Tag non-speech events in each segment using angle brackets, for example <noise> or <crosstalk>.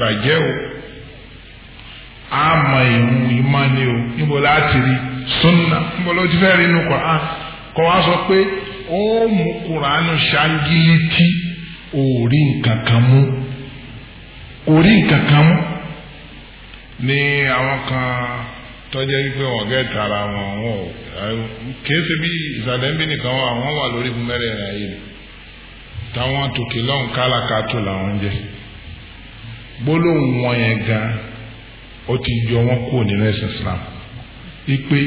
bàjẹ́ o àmọ́ ìhun ìmọ̀ni o níbo láti rí sunna níbo ló ti fẹ́ rí inú Quran kọ́ wa sọ pé ó mú Quran ṣáńgílítì orí nǹkan kan mú orí nǹkan kan mú ní àwọn kan tọ́jẹ́ wípé wọ́n gẹ̀ẹ́tì ara wọn wọn ò kìí bí ìsàlẹ̀ ń bí nìkan wọn àwọn wà lórí ìbùmẹ́rẹ̀ ẹ̀rọ ayé táwọn tòkè lọ́hùn kálákàtó làwọn ń jẹ́. gbólóhùn wọn yẹn gan ó ti yọ wọn kúrò nínú ẹ̀sìn Islam ipe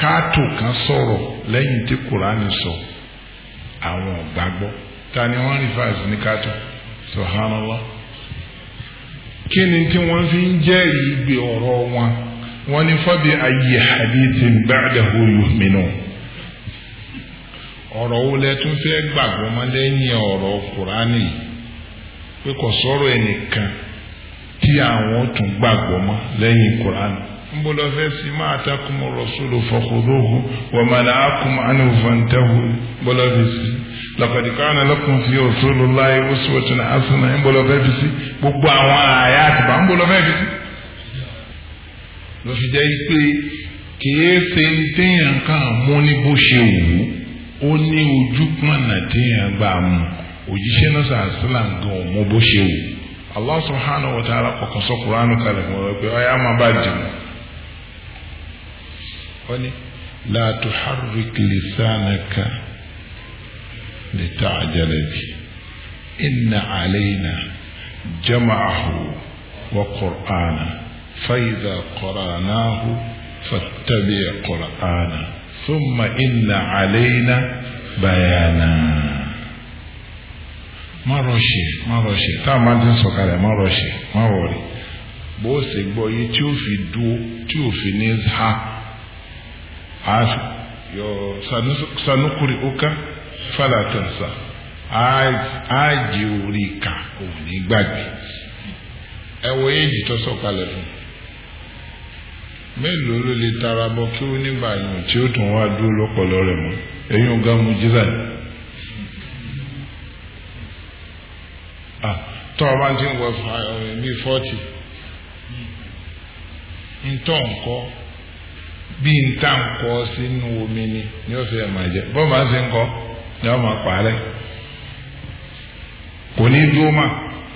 káàtó kan sọrọ lẹ́yìn tí kùránì sọ àwọn gbọ ta ni wọ́n rìfáàs ní káàtó kí ni tí fi ń wọn ní fọ́bi ayé hadithin ba'dahu yu'minun ọ̀rọ̀ wo lẹ tún yìí. pé kò sọ̀rọ̀ ẹnìkan tí àwọn tún gbàgbọ́ mọ́ lẹ́yìn Kùránì nbola fẹ́ ma máa takùn rọ̀ṣúlù fọkùrúhù wà màlá àkùn ànú fàǹtàhù nbola fẹ́ si laqad kana lakum fi si gbogbo àwọn àyà àtìbá nbola fi si. kìí ṣe téèyàn kan mú ní bó ṣe wù ú ó ní ojú òjíṣẹ́ na sa sílám gan mo bó ṣe wò Allah subhanahu wa ta'ala kọ̀kan sọ kuranu kalẹ̀ fún ọ pé ọyá máa bá jẹun. ó ní la tuharrik lisanaka lita'jala bihi inna alayna jama'ahu wa qur'ana fa idha qara'nahu fattabi' qur'ana thumma inna alayna bayana. má rọṣẹ má rọṣẹ tá a máa ti ń sọ̀kalẹ̀ má rọṣẹ má wọrí bó o ṣe gbọ́ yé tí o fi dúó tí o fi ní ha a yọ sanukuri oka falatansa a jẹ orí ka òun ní gbàgbé ẹ wo èjì tó sọ̀kalẹ̀ fún mélòó ló lè tara bọ kí ó nígbà yàn tí ó tún wá dúró lọ́pọlọ rẹ̀ mọ́ ẹ̀yin ọ̀gá mu jíra yìí. Ah, tọ́ ọba ti ń wọ bíi eh, fọ́tì ntọ́ nkọ́ bíi ntá nkọ́ sínú omi ni ni ó fi ẹ̀ máa jẹ bọ́ọ̀ máa ń ṣe nkọ́ ni wọ́n máa parẹ́ kò ní dúró mà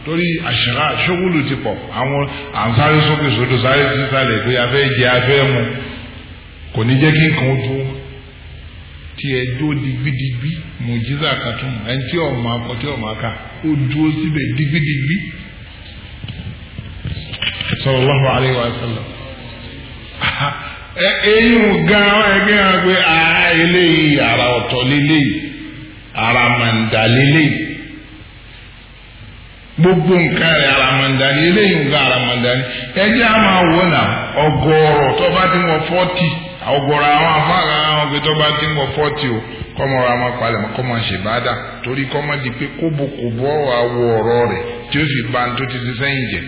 torí àṣírà ṣókùlù ti pọ̀ àwọn à ń sáré sókè sódò sáré sísàlẹ̀ pé afẹ́ jẹ afẹ́ mu kò ní jẹ́ kí nǹkan dúró. Ti ẹ dó digbidigbi mùjíza kàtún ẹni ọmọ akọ ọmọ aka ó dúró wa eyín gan ara eléyìí ara ara gbogbo nǹkan ni eléyìí nǹkan ara ni a wọ fọ́tì ọgọ́rọ̀ àwọn pé tó bá ti ń wọ fọ́ọ̀tì o kọ́mọ ra máa palẹ̀ mọ́ kọ́mọ ṣèbádà torí kọ́mọ di pé kóbokòbọ̀ àwọ̀ ọ̀rọ̀ rẹ̀ tí ó fi ba tó ti ti sẹ́yìn jẹ́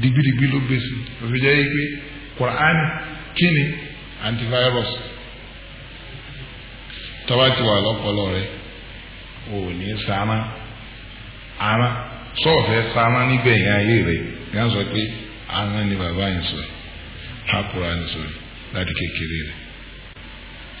digbidigbi ló gbé sí òfin jẹ́ pé Quran kí ni antivirus tó bá ti wà lọ́pọ̀lọ́ rẹ̀ ò ní sáná ara sọ́ọ̀fẹ́ sáná níbẹ̀ yẹn ayé rẹ̀ yẹn sọ pé ara ni bàbá yẹn sọ ẹ̀ hákùrá ni sọ ẹ̀ láti kékeré rẹ̀.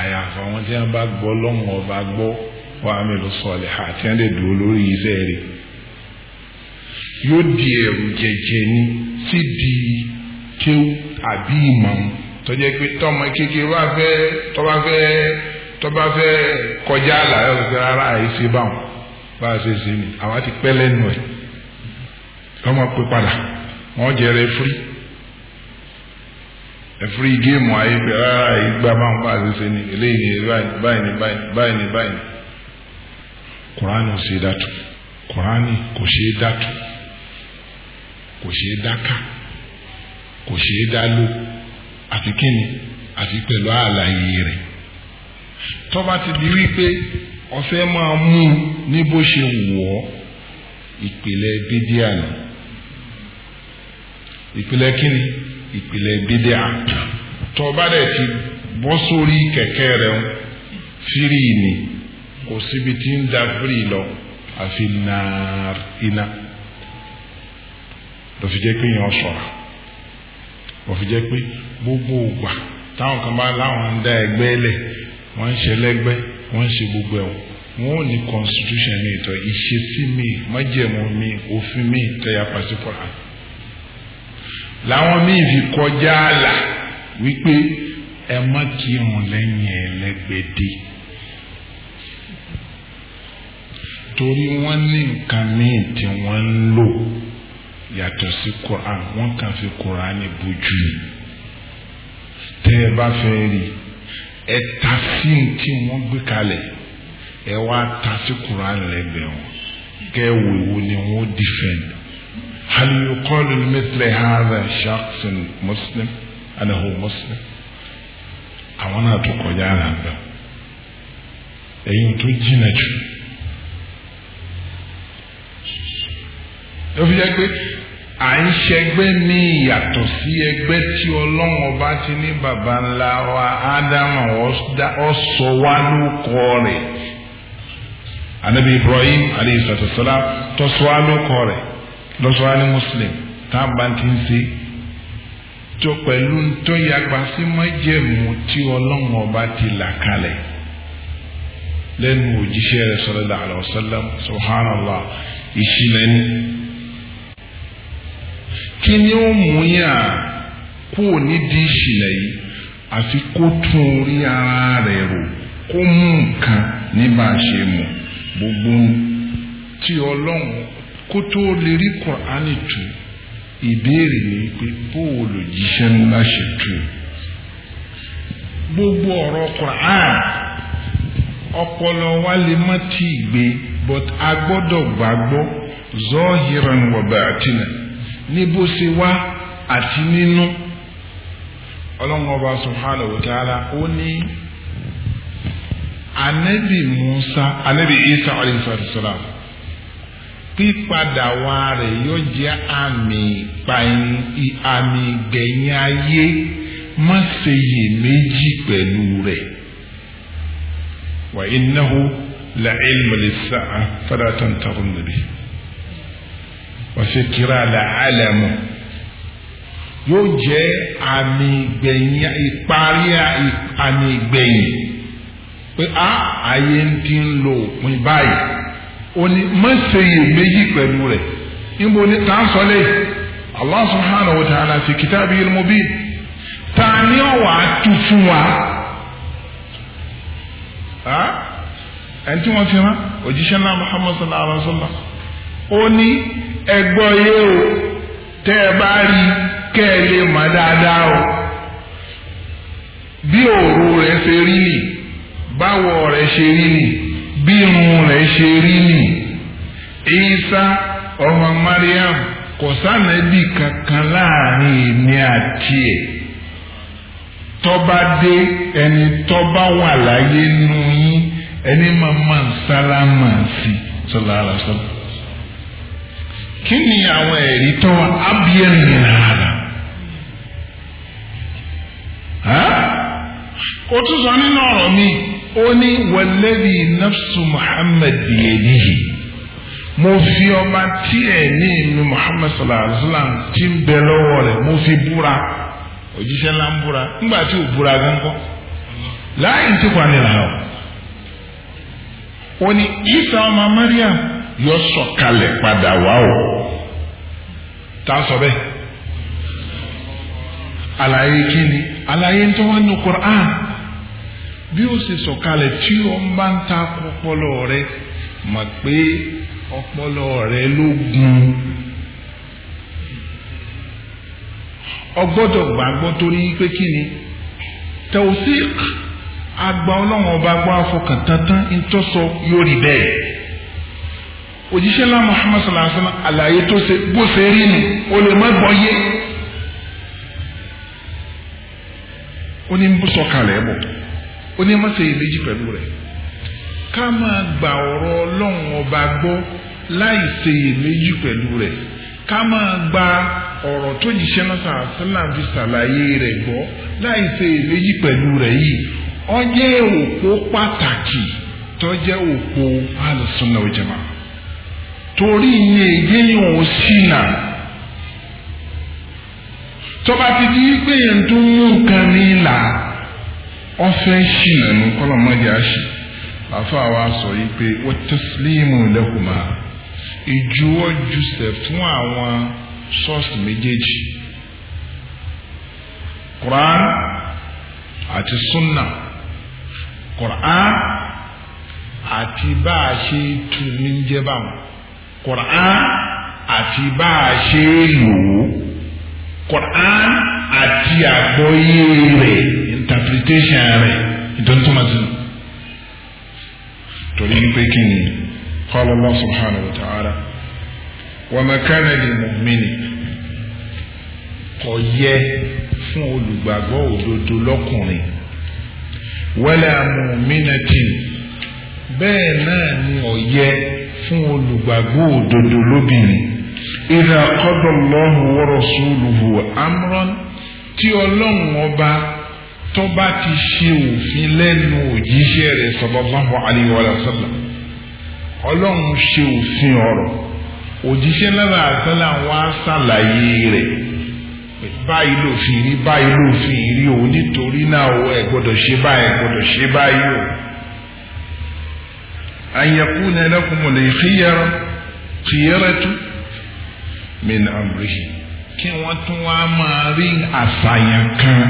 àyàfà wọn tí wọn bá gbọ́ lọ́wọ́n ọba gbọ́ wọn àmì ló sọlẹ̀ àti wọn lè dúró lórí iṣẹ́ rẹ̀ yóò di ẹ̀rù jẹ̀jẹ̀ ni sí di kéwù àbí ìmọ̀ tọ́jẹ́ pé tọ́mọ kékeré wá fẹ́ tọ́ba fẹ́ tọ́ba fẹ́ kọjá àlàyé ọ̀sẹ̀ rárá àìsí báwọn bá a ṣe ṣe ni àwọn ti pẹ́ lẹ́nu ẹ̀ lọ́mọ pé padà wọ́n jẹrẹ fúrí ẹ̀fúrí géèmù ayé pé rárá ah, ìgbà máa ń bá àṣìṣe ni eléyìí ni báyìí ni báyìí ni báyìí ni báyìí ni kùránì ò ṣe dàtú kùránì kò ṣe dàtú kò ṣe dáká kò ṣe dá lò àti kíni àti pẹ̀lú àlàyé rẹ̀ tó ti di wípé ọ̀fẹ́ máa mú un ní bó ṣe wù ọ́ ìpìlẹ̀ bídíà nù ìpìlẹ̀ kíni ìpìlẹ̀ bídíà tó bá dẹ̀ ti bọ́ sórí kẹ̀kẹ́ rẹ̀ ń fírì ni kò síbi tí ń da fírì lọ àfi nàár iná lọ fi jẹ́ pé yẹn ṣọ́ra lọ jẹ́ pé gbogbo ògbà táwọn kan bá láwọn ń dá ẹgbẹ́ lẹ̀ wọ́n ń ṣe lẹ́gbẹ́ wọ́n ń ṣe gbogbo ẹ̀wọ̀n wọn ò ní constitution ní ìtọ́ ìṣesí mi májẹ̀mú mi òfin mi tẹ̀yà pàṣípàá làwọn míì fi kọjá àlà wípé ẹ má kírun lẹ́yìn ẹlẹ́gbẹ̀dẹ́ torí wọ́n ní nǹkan míì tí wọ́n ń lò yàtọ̀ sí Quran wọ́n kàn fi Quran bójú tẹ́ ẹ bá fẹ́ rí ẹ ta sí tí wọ́n gbé kalẹ̀ ẹ wá ta sí Quran lẹ́gbẹ̀ẹ́ wọn kẹ́ wo ni wọ́n defend هل يقال لمثل هذا شخص مسلم أنا هو مسلم àwọn náà tó kọjá àná bẹ èyí tó jìnnà jù ló fi jẹ́ pé à ń ṣẹgbẹ́ ní ìyàtọ̀ sí ẹgbẹ́ tí ọlọ́run ọba ti ní baba ńlá wa ádámà ọ̀sọ̀ wa ló kọ́ rẹ̀ anabi Ibrahim aleyhi salatu salam wa ló kọ́ rẹ̀ lọ́sọ̀rọ̀ muslim tá a bá ti ń ṣe tó pẹ̀lú tó yagba sí májẹ̀mú tí ọlọ́run ọba ti là kalẹ̀ lẹ́nu òjíṣẹ́ rẹ̀ sallallahu alaihi wasallam subhanallah ìṣìlẹ̀ ni. kí ni ó mú yàn kó o ní di ìṣìlẹ̀ yìí àfi kó tún orí ara rẹ̀ rò kó mú nǹkan ní bá a ṣe mọ̀ gbogbo tí ọlọ́run kó tó lè rí kùránì tú ìbéèrè ni pé bóòlù jíṣẹ́ ńlá ṣe tú gbogbo ọ̀rọ̀ kùránì ọpọlọ wa lè má tí gbé but a gbọ́dọ̀ gbàgbọ́ zọ́ọ̀hìrán wọ̀bẹ̀ àtinà ní bó ṣe wá àti nínú ọlọ́run ọba subhanahu wa ta'ala ó ní anabi musa anabi isa alayhi salatu pípadà wá rẹ̀ yóò jẹ́ àmì ìpàyín àmì ìgbẹ̀yìn ayé má ṣe yè méjì pẹ̀lú rẹ̀ wà ináhu la ilmu lisaa fada tantarun nabi wà sí kíra la alamu yóò jẹ́ àmì ìgbẹ̀yìn ìparí àmì ìgbẹ̀yìn pé a ah, ayé ti ń lo òpin báyìí. ó ní má ṣe iyèméjì pẹ̀lú rẹ̀ níbo ni tá a sọ lẹ́yìn Allah subhanahu wa ta'ala fi kitabihil bi ta ni ọ̀wà tu fún wa ẹni tí wọ́n fi hàn òjíṣẹ́ náà Muhammad sallallahu alaihi wa sallam ó ní ẹgbọ́ yé o tẹ́ ẹ bá rí kẹ́ ẹ lè mọ̀ dáadáa o bí òru rẹ̀ ṣe rí ni báwo rẹ̀ ṣe rí ni. bí na rẹ̀ ṣe rí nì Ìsá ọmọ Mariam kò sànẹ́bì kankan láàrin àti ẹ̀ tọba dé ẹni tọba wà láyé nù yín ẹni màmá sálámà sí sọlá àlàsọlá kí ni àwọn ẹ̀rí tó wà ó ní wàlẹ́bí nafsu muhammad biyadihi mo fi ọba tí ẹ̀ ní ìlú muhammad sallallahu alayhi wa sallam ti ń bẹ lọ́wọ́ rẹ̀ mo fi búra òjíṣẹ́ ńlá ń búra ńgbà tí ò búra gánkọ́ láàyè tí kò ní làwọn. ó ní isa ọmọ mariam yóò sọ̀kalẹ̀ padà wá o tá sọ bẹ́ẹ̀ àlàyé kí ni àlàyé tó wà ní Qur'an bí ó ṣe sọ̀kalẹ̀ tí ó ń bá ń ta ọpọlọ rẹ mọ̀ pé ọpọlọ rẹ ló gun ọgbọ́dọ̀ gbàgbọ́ torí pé kí ni tẹ̀wọ́sík agba ọlọ́run ọba gbọ́ afọkàn tantan ntọ́sọ yóò rí bẹ́ẹ̀ òjíṣẹ́ ńlá Muhammad sallallahu alaihi wa sallam àlàyé tó ṣe bó ṣe rí ni o lè má gbọ́ yé ó ní ń sọ̀kalẹ̀ bọ̀. onye ní má ṣe iyèméjì pẹ̀lú rẹ̀ ká máa gba ọrọ ọlọ́run ọba gbọ́ láì ṣe iyèméjì pẹ̀lú rẹ̀ ká máa gba ọrọ tó jíṣẹ́ náà sàásánà sàlàyé rẹ rẹ̀ gbọ́ láì ṣe pẹ̀lú rẹ̀ yìí ó òpó pàtàkì tó òpó alùsùnà torí òun di pé yẹn tó mú nǹkan ní ìlà. ọfẹ ṣìnà ní kọlọmọdé àṣì àfa wa sọ yìí pé ó tẹsílímù lẹkùnmá ìjuwọ́ jùsẹ̀ fún àwọn sọ́ọ̀sì méjèèjì quran àti sunna quran àti bá a ṣe tu ní jẹ́ quran àti bá a ṣe lò ó quran àti àgbọ́yé rẹ̀ interpretation rẹ̀ ìdọ́ntúmọ̀ sínú. torí pé kí ni qala Allah subhanahu wa ta'ala wa ma kana lil mu'mini kò yẹ fún olùgbàgbọ́ òdodo lọ́kùnrin wala mu'minatin bẹ́ẹ̀ náà ni ó yẹ fún olùgbàgbọ́ òdodo lóbìnrin idha qada Allahu wa rasuluhu amran tí ọlọ́run ọba tó bá ti ṣe òfin lẹ́nu òjíṣẹ́ rẹ̀ sallallahu alaihi wa sallam ọlọ́run ṣe òfin ọ̀rọ̀ òjíṣẹ́ lára àtàlà wọn á ṣàlàyé rẹ̀ báyìí lòfin rí báyìí lòfin rí o nítorí náà o ẹ gbọ́dọ̀ ṣe báyìí ẹ gbọ́dọ̀ ṣe báyìí o. an yakuna lakumul khiyara khiyaratu min amrihi kí wọ́n tún wá máa rí àṣàyàn kan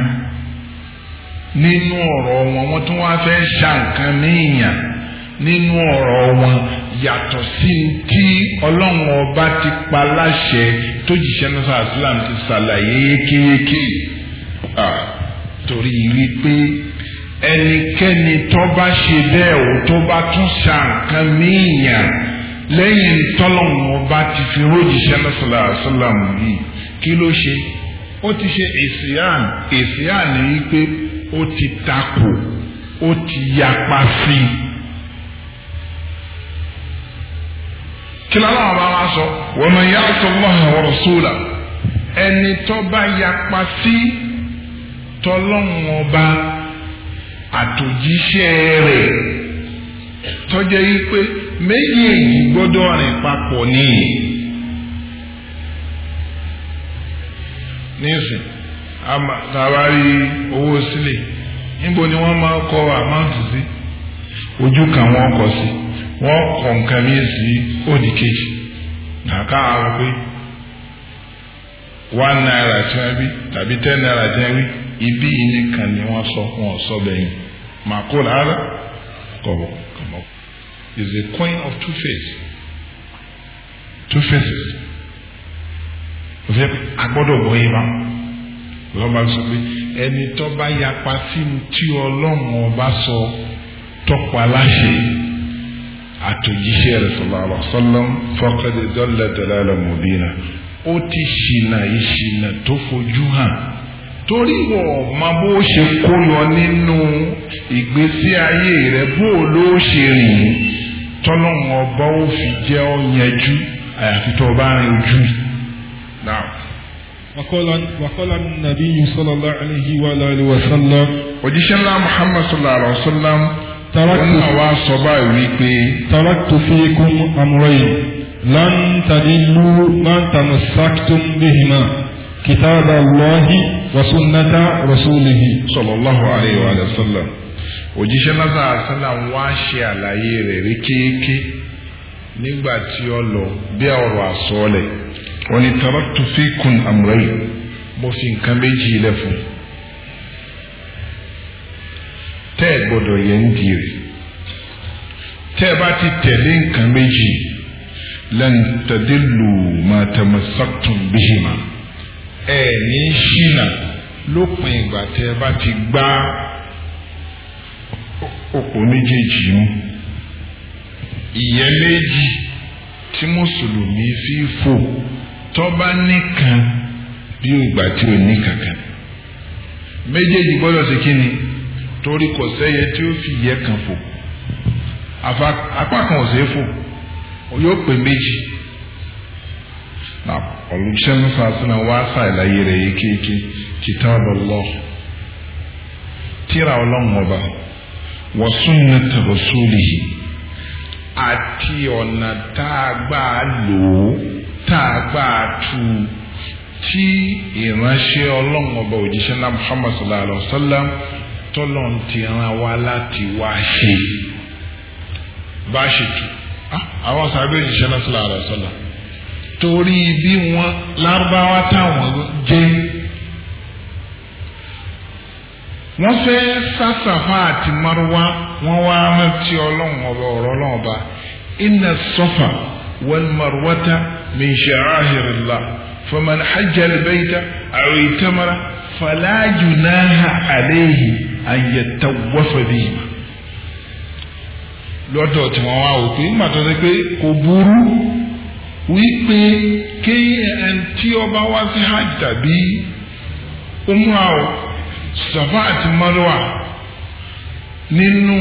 nínú ọ̀rọ̀ wọn wọ́n tún wá fẹ́ ṣa nǹkan míyàn nínú ọ̀rọ̀ wọn yàtọ̀ sí tí ọlọ́run ọba ti pa láṣẹ tó jìṣẹ́ náà islam ti ṣàlàyé yékéyéké torí wípé ẹnikẹ́ni tó bá ṣe bẹ́ẹ̀ o tó bá tún ṣa nǹkan míyàn lẹ́yìn tọ́lọ́run ọba ti fi rójìṣẹ́ náà islam yìí kí ló ṣe ó ti ṣe ìsìyàn ìsìyàn ni wípé. ó ti takò ó ti yapa sí i. kíláàlà àbá wa sọ wa man ya'si Allaha wa rasulahu ẹni tó bá yapa sí tọ́lọ́hún ọba àtòjíṣẹ́ rẹ̀ tọ́jẹ́ yí pé méjèèjì gbọ́dọ̀ rìn papọ̀ nìyí. tàbárí owó sílẹ̀ níbo ni wọ́n máa kọ àmáǹtì sí ojú kan wọ́n kọ sí wọ́n kọ nǹkan mi sí òdì kejì nàka àwọn pé one naira tí wọ́n ten naira tí wọ́n ibi yìí nìkan ni wọ́n sọ wọn sọ làárọ̀ kọ̀wọ̀ is a coin of two faces two faces òfin agbọ́dọ̀ bọ̀ yìí lọ́ba sọ pé ẹni tó bá yapa sí tí ọlọ́run ọba sọ tọ́pọ̀ aláṣẹ àtòjíṣẹ́ rẹ̀ sallallahu alaihi wasallam faqad dalla dalalan mubina ó ti ṣìnà ìṣìnà tó fojú hàn torí wọ́n ma bó ṣe kó lọ nínú ìgbésí ayé rẹ̀ bó ló ṣe rìn tọ́lọ́run ọba ó fi jẹ́ ọ yanjú àyàfi tó o bá rìn ojú wàkọ́lá nàbí yìí sọ́lọ́lá àlehi wà láàrin wàsánlá. òjíṣẹ́ ńlá muhammad sallallahu alayhi wa sallam wọn náà wá sọ báyìí wípé. taraktu fikum amrayn lan tadillu man tamassaktum bihima kitaba allahi wa sunnata rasulihi sallallahu alayhi wa sallam. òjíṣẹ́ ńlá sallallahu alayhi wa sallam wá ṣe àlàyé rẹ̀ rí nígbà tí ó lọ bí ọ̀rọ̀ àsọ̀ọ́lẹ̀ wọ́n ní fikun amrayn mo fi nǹkan méjì ilẹ̀ fún tẹ́ ẹ gbọ́dọ̀ yẹ ń di rẹ̀ tẹ́ ẹ ti tẹ̀lé nǹkan méjì lan tadillu ma tamassaktum bihima E ni ṣìnà lópin ìgbà tẹ́ ẹ bá ti gbá òpó méjèèjì mú ìyẹn méjì tí mùsùlùmí fi fò. tọ́ba nìkan bí ìgbà tí ò ní kankan méjèèjì gbọ́dọ̀ sí kíni torí kò sẹ́yẹ tí ó fi yẹ kan fò apá kan ò sẹ́fò yóò pè méjì olùṣẹ́ nípa sinna wá sàìláyé rẹ̀ yékéyéké kìtàbù Allah tíra ọlọ́run ọba wa sunnata rasulihi àti ọ̀nà tá a gbà lò ó. tá a gbà tu tí ìránṣẹ́ ọlọ́run ọba òjíṣẹ́ náà muhammad sallallahu alayhi wa sallam tọ́lọ̀ ń ti ran wa láti wá ṣe bá ṣe tu ah, àwọn sábẹ́ òjíṣẹ́ náà sallallahu alayhi wa sallam torí bí wọ́n lárúbáwá táwọn jẹ́ wọ́n fẹ́ sàṣàfà àti márùwá wọ́n wá rántí ọlọ́run ọ̀rọ̀ ọlọ́run ọba sọ́fà wal marwata. من شعائر الله فمن حج البيت أو اعتمر فلا جناح عليه أن يتوف بهما lọ́dọ̀ tí wọ́n wá wò pé nígbà tó ṣe pé kò burú wípé kéèyàn tí ọba wá sí hajj tàbí umrah Safa àti Marwa nínú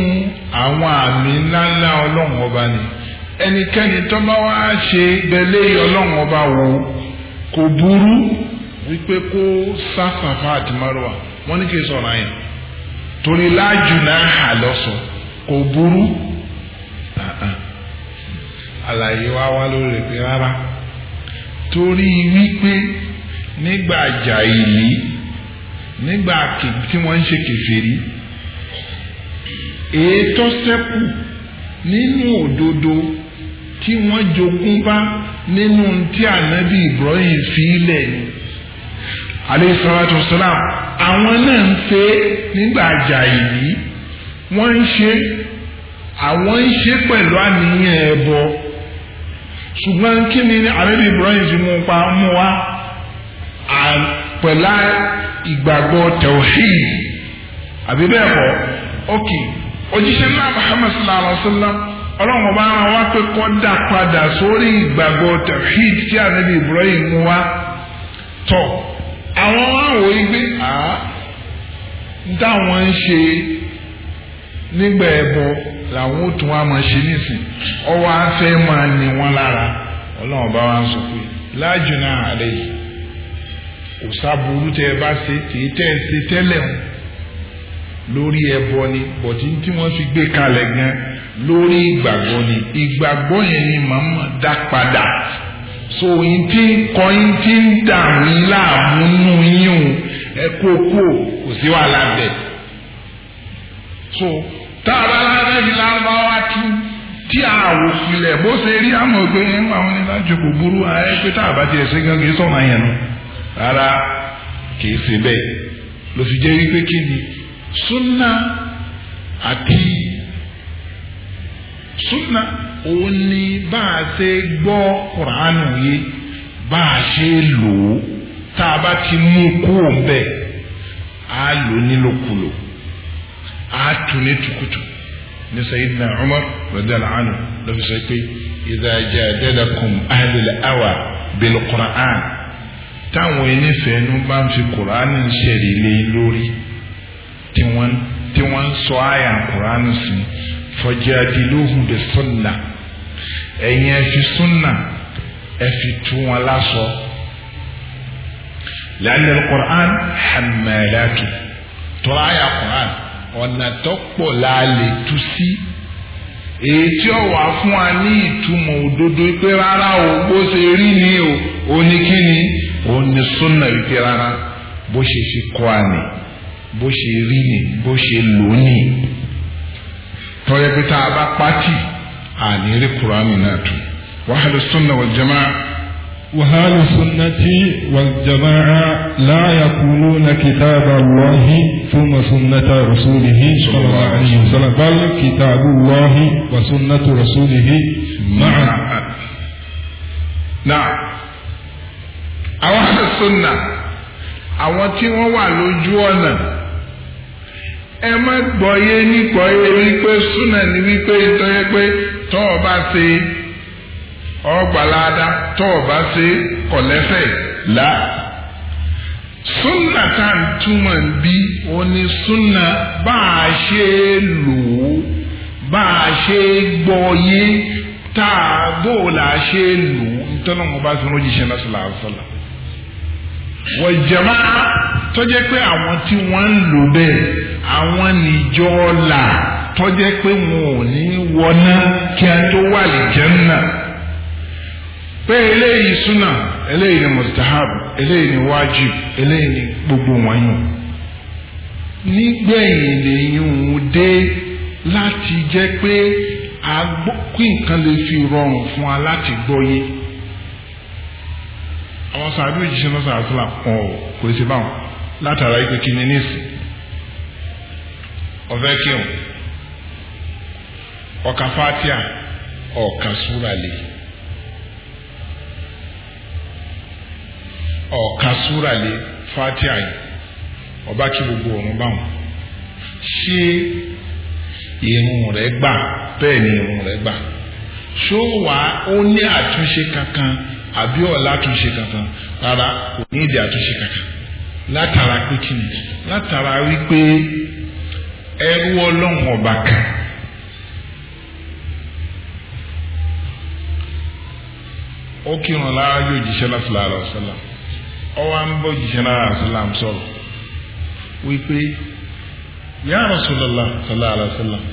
àwọn àmì ńláńlá ọlọ́run ọba ni. ẹnikẹ́ni tó bá wá ṣe bẹ́lẹ́ ọlọ́run ọba wò kò burú wípé kó sáfàfà àti márùwà wọ́n ní kí n sọ̀rọ̀ àyàn torí láàjù náà hà lọ́sọ̀ kò burú àlàyé wa wá lórí rárá torí wípé nígbà jàìlì tí wọ́n jogún bá nínú tí ànábì Ibrahim fi ilẹ̀ ni alayhi salatu wasalam àwọn náà ń ṣe nígbà àjà yìí wọ́n ń ṣe àwọn ń ṣe pẹ̀lú àníyàn ẹ̀bọ ṣùgbọ́n kí ni ànábì Ibrahim fi mú pa mú wa pẹ̀lá ìgbàgbọ́ tawhid àbí bẹ́ẹ̀ kọ́ ok òjíṣẹ́ náà Muhammad sallallahu alayhi wa sallam ọlọ́run ọba ara wa pé kọ́ dà padà sórí ìgbàgbọ́ tawhid tí ànábì Ibrahim wá tọ̀ àwọn àwọ̀ igbe à dáwọn ń ṣe nígbà ẹbọ làwọn ò tún wá máa ṣe nísìn ọwọ́ afẹ́ máa ní wọn lára ọlọ́run ọba wa ń sọ pé láàjù náà àlẹ́ yìí kò sábúrú tẹ ẹ bá ṣe tèé tẹ ẹ ṣe tẹ́lẹ̀ wọn lórí ẹbọ ni bọ̀tí tí wọ́n fi gbé kalẹ̀ gan lórí ìgbàgbọ́ ni ìgbàgbọ́ yẹn ni màmá dá padà so yín tí ń kọ yín tí ń dà láàmú nù yín o ẹ kó kó kò sí wàhálà bẹ̀ so tá a bá lára ní lárúbáwá tí tí a wò filẹ̀ bó ṣe rí àmọ́ pé nígbà wọn ni lájú kò burú ayé pé tá a bá tiẹ̀ ṣe gan kì í yẹn nu rárá kì í ṣe bẹ́ẹ̀ ló wípé kí ni súnà àti súnà òun ni bá a ṣe gbọ́ kùránù yìí bá a ṣe lò ó tá a bá ti mú kúrò bẹ́ẹ̀ á lò nílòkulò á tù ní tukutu ní sayidina Umar radiyallahu anhu lọ́fi sọ pé idha jadalakum ahlul awa bil Qur'an táwọn enífẹ̀ẹ́nu bá ń fi kùránù ṣẹ̀rì lé lórí tí wọ́n sọ àyà kùránù sí i fọjadiluhu bi sunna ẹ̀yin ẹfi sunna ẹfi tu wọn lásọ lẹ́nu qur'an hamalatu tọ́lá àyà qur'an ọ̀nà tó pọ̀ láàlè tu sí èyí tí ó wà fún wa ní ìtumọ̀ òdodo pé rárá o bó ṣe rí ni o oníkíni òní sunna rárá bó ṣe fi kọ́ àná bó ṣe rí ni bó ṣe lò ní tọ́yẹ pé tá a bá pátì àní rí kúránì náà tù wàhálù sunna wal jamaa. وهل سنتي والجماعة لا يقولون كتاب الله ثم سنة رسوله صلى الله عليه وسلم بل كتاب الله وسنة رسوله معا نعم àwọn sunna àwọn tí wọ́n wà lójú ọ̀nà ẹ má gbọ́yé nígbọ́yé wípé súnà ní wípé ìtọ́yẹ pé tọ́ ọ bá ṣe ọgbàláda tọ́ ọ bá ṣe kọ̀lẹ́fẹ̀ là. súnà tá à ń túmọ̀ ń bí òní súnà bá a ṣe lò ó bá a ṣe gbọ́yé tá a bó la ṣe lò ó nítorí wọn bá ṣe ń rojíṣẹ́ náà sọ̀lá àṣọ̀lá wal jamaa tó jẹ́ pé àwọn tí wọ́n ń lò bẹ́ẹ̀ àwọn níjọ́ là tó jẹ́ pé wọn ò ní wọná kí a tó wà lè janna pé eléyìí súnà eléyìí ni mustahab eléyìí ni wájib eléyìí ni gbogbo wọn nígbẹ̀yìn lèyìn òun dé láti jẹ́ pé kí nǹkan lè fi rọrùn fún wa láti gbọ́ yé àwọn sàbí òjíṣẹ́ náà sàásìlà wọn ò kò sí báwọn látara ikú kíni níìsì ọ̀fẹ́ kírun ọ̀ka fatia ọ̀ka súralè ọ̀ka súralè fatia yìí ọba kí gbogbo ọ̀run báwọn ṣé irun rẹ̀ gbà bẹ́ẹ̀ ni irun rẹ̀ gbà ṣó wàá ó ní àtúnṣe kankan. Abiola ọ̀la àtúnṣe kankan rárá kò ní èdè àtúnṣe kankan látara pé látara wípé ẹrú ọlọ́run ọba kan ó kírun lára yóò jíṣẹ́ lásìlá àlọ́sọ́lá ya Rasulullah sallallahu alaihi wasallam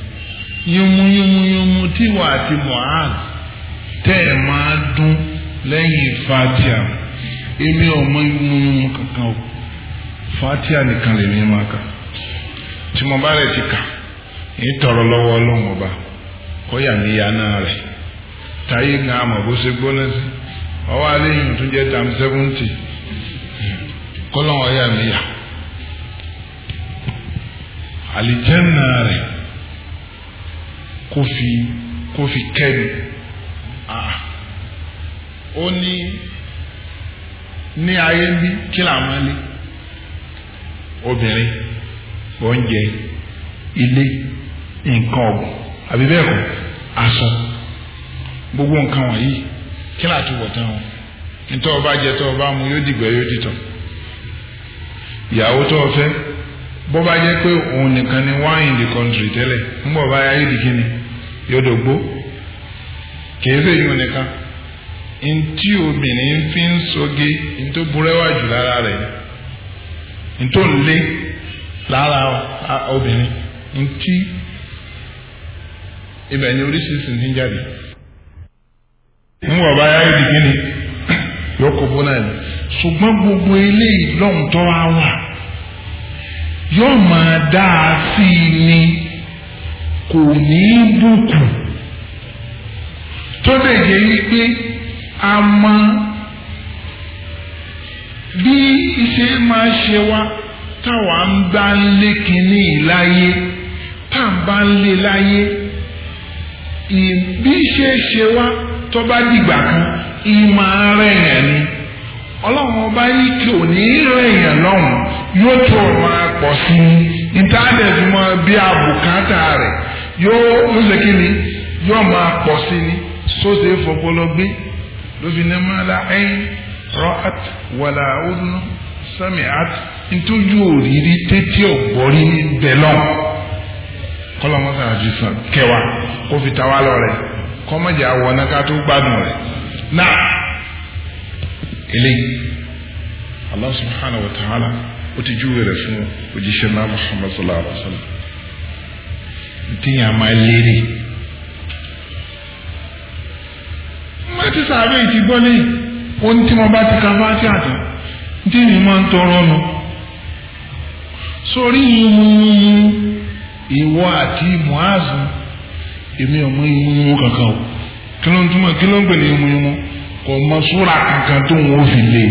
yunmu yunmu yunmu tí Tiwa lẹ́yìn fatia èmi ò inú kankan o fatia nìkan lè ní maka tí mo bá rẹ̀ ti kà ń tọrọ lọ́wọ́ ọlọ́run ọba kọ́yà níyànà rẹ̀ táyé ń àmọ̀ bó ṣe gbóná ọwọ́ aléyìn tún jẹ́ tam seventy kọ́lọ́wọ́ yà níyà àlìjẹ́nà rẹ̀ kó fi kó ó ní ní ayé ń bí kí làwọn lé obìnrin oúnjẹ ilé nǹkan ọ̀gbìn àbí bẹ́ẹ̀ kọ́ gbogbo nǹkan wọ̀nyí kí là tó wọ̀tán wọn nítorí ọba jẹ tó ọba mu yóò dìgbẹ́ yóò dìtọ̀ ìyàwó tó o fẹ́ bó pé òun nìkan ni wá in the country tẹ́lẹ̀ yóò dògbó kì nti obìnrin fi ń soge ntó burẹ́wà jù lára rẹ̀ ntó nlé lára obìnrin ntí ibẹ̀ ni oríṣiríṣi ní jáde ńwọ̀ ịdị gịnị di kíni yóò kó gbogbo eléyìí lọ́hùn tó wà yóò máa dá ni kò ní í bùkù tó lè a mọ bí iṣẹ́ máa ṣe wá táwa ń bá ń lé kínní láyé tá à ń bá wá tó dìgbà kan ìmọ̀ ara èèyàn ni ọlọ́run ọba yìí kí ò ní rẹ̀yàn lọ́hùn yóò tó máa pọ̀ sí i mọ bí àbùkátà rẹ̀ yóò ń ṣe kí ni yóò máa sí lóbi ní ma la ayn ra'at wàlà udhun sami'at ntójú òrírí tẹ́tí ọ̀gbọ́rí ní bẹ̀lọ́n kọ́lọ́mọ́sá àti sàn kẹwàá kó fi ta wá lọ rẹ̀ kọ́mọ́jà wọ̀ náà ká tó gbádùn rẹ̀ náà eléyìí Allah subhanahu wa ta'ala ó ti júwe rẹ̀ fún òjíṣẹ́ náà Muhammad sallallahu alaihi wa sallam ntí yàn máa léèrè. tí sàárè ti gbọ́ léyìí ó ní tí wọ́n bá ti ka fáti àtọ̀ tí mi máa ń tọrọ nu sórí yìnyín ìwọ àti emi èmi ò mọ yìnyín kankan o kí ló ń túmọ̀ kí ló ń pèlè sura mu kò mọ súra kankan tó ń wò fi lé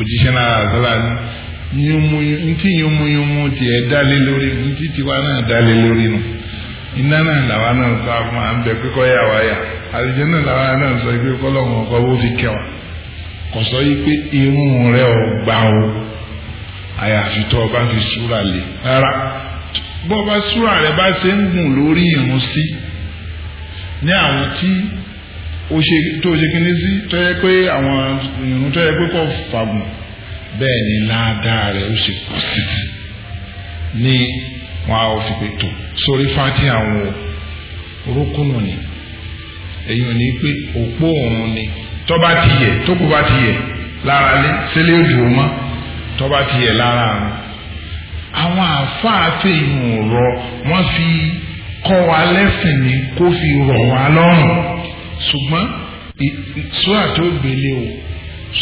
òjíṣẹ́ náà mu tiẹ̀ dálé lórí tiwa náà lórí No iná náà làwa náà sọ àwọn à ń yà wá yà àlùjẹ náà làwa náà sọ owó fi kẹwà kò sọ yìí pé irun rẹ ò gbà o àyàfi tó o bá fi súra lè rárá bó o bá súra rẹ bá ṣe ń gùn lórí irun sí ní àwọn tí ṣe tó ṣe ni wọn á fi pé tó sórí fati àwọn orúkúnù ni èyí ò ní pé òpó òun ni tó bá ti yẹ tó kù bá ti yẹ lára lé sílé dùn mọ́ tó bá ti yẹ lára àrùn àwọn àfáàfẹ́ ìhùn rọ wọ́n fi kọ́ wa lẹ́sìn ni kó fi rọ̀ wá lọ́rùn ṣùgbọ́n ìṣúra tó gbélé o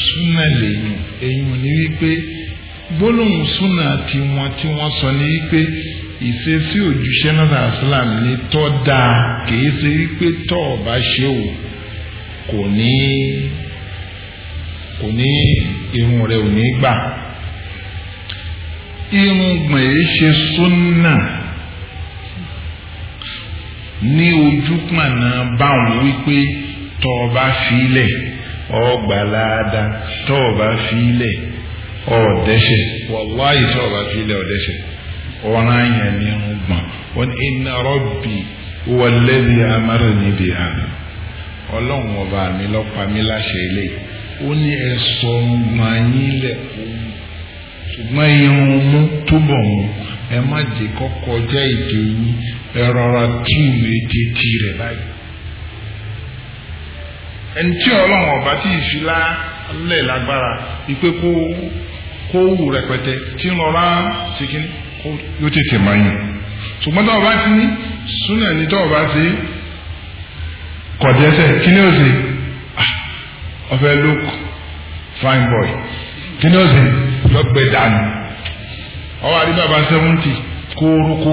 súnà lèyìn èyí ò ní wípé gbólóhùn súnà tiwọn tí wọ́n sọ ní wípé ìṣesí òjúṣẹ́ náà àṣìlám ní tọ́ dáa kìí ṣe wípé tọ́ ọ bá ṣe ò kò ní kò ní irun rẹ̀ ò ní gbà irun gbọ̀n èyí ṣe súnà ní ojú pàna báwọn wípé tọ́ ọ bá filẹ̀ ọgbà láadáa tọ́ ọ bá filẹ̀ ọ̀ọ́dẹ́sẹ̀ wàláyé tọ́ ọ bá filẹ̀ ọ̀dẹ́sẹ̀ ọ̀ràn yẹn ní ń gbọ̀n wọn ní inna rabbi huwa alladhi amarani bi àná ọlọ́run ọba mi lọ́pa mi láṣẹ ilé ó ní ẹ sọ ọmọ yín lẹ̀ ṣùgbọ́n irun mú túbọ̀ mú ẹ má jẹ́ kọ́kọ́ jẹ́ ìdè yín ẹ rọra túùmù ètè tì rẹ̀ báyìí ẹni tí ọlọ́run ọba tí ìfilá lẹ̀ lágbára ìpè kó kó wù rẹpẹtẹ tí ń rọra ṣìkínní yóò tètè máa yàn ṣùgbọ́n tọ́wọ́ bá ti ní súnà ní tọ́wọ́ bá ti kọ̀dẹ́sẹ̀ kí ni ó ṣe ah, ọ̀fẹ́ look fine boy kí ni ó ṣe lọ́gbẹ̀ẹ́ dànù ọwọ́ àdé bàbá seventy kó orúkú